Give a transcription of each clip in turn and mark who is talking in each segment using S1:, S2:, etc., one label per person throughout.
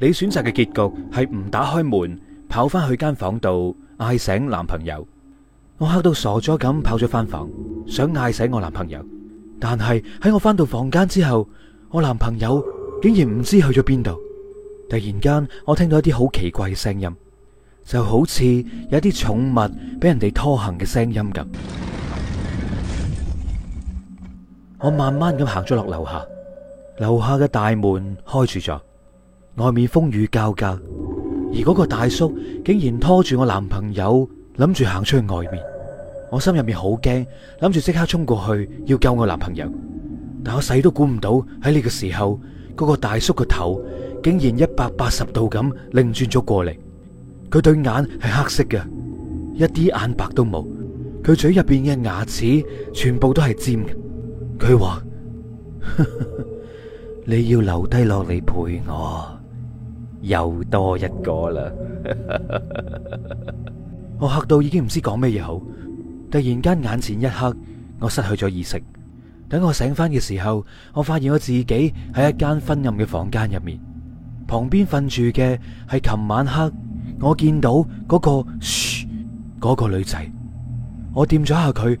S1: 你選擇嘅結局係唔打開門，跑翻去間房度嗌醒男朋友。我吓到傻咗咁跑咗翻房，想嗌醒我男朋友。但係喺我翻到房間之後，我男朋友竟然唔知去咗邊度。突然間，我聽到一啲好奇怪嘅聲音，就好似有一啲寵物俾人哋拖行嘅聲音咁。我慢慢咁行咗落樓下，樓下嘅大門開住咗。外面風雨交加，而嗰個大叔竟然拖住我男朋友諗住行出去外面，我心入面好驚，諗住即刻衝過去要救我男朋友。但我細都估唔到喺呢個時候，嗰個大叔個頭竟然一百八十度咁擰轉咗過嚟，佢對眼係黑色嘅，一啲眼白都冇，佢嘴入邊嘅牙齒全部都係尖嘅。佢話： 你要留低落嚟陪我。又多一個啦！ 我嚇到已經唔知講咩嘢好。突然間眼前一黑，我失去咗意識。等我醒翻嘅時候，我發現我自己喺一間昏暗嘅房間入面，旁邊瞓住嘅係琴晚黑我見到嗰個，嗰、嗰個女仔。我掂咗下佢，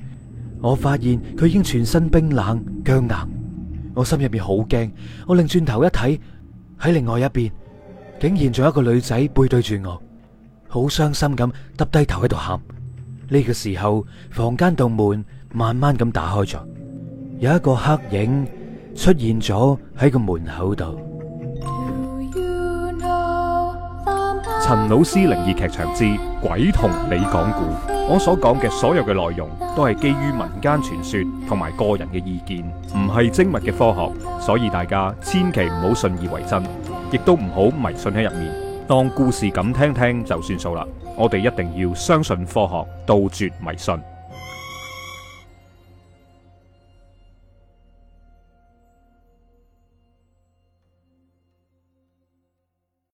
S1: 我發現佢已經全身冰冷僵硬。我心入面好驚，我擰轉頭一睇，喺另外一邊。竟然仲有一個女仔背對住我，好傷心咁耷低頭喺度喊。呢、這個時候，房間度門慢慢咁打開咗，有一個黑影出
S2: 現咗喺個門口度。陳老師靈異劇場之鬼同你講故，我所講嘅所有嘅內容都係基於民間傳說同埋個人嘅意見，唔係精密嘅科學，所以大家千祈唔好信以為真。亦都唔好迷信喺入面，當故事咁聽聽就算數喇。我哋一定要相信科學，杜絕迷信。